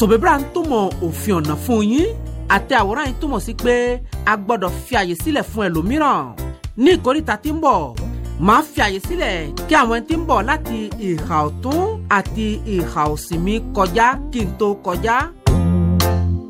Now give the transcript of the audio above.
sòbébìrà ń túmọ̀ òfin ọ̀nà fún yín àti àwòrán yìí túmọ̀ sí pé a gbọ́dọ̀ fi àyè sílẹ̀ fún ẹlòmíràn ní ìkórìtà tí ń bọ̀ màá fi àyè sílẹ̀ kí àwọn ẹni tí ń bọ̀ láti ìhà ọ̀tún àti ìhà òsì mi kọjá kí n tó kọjá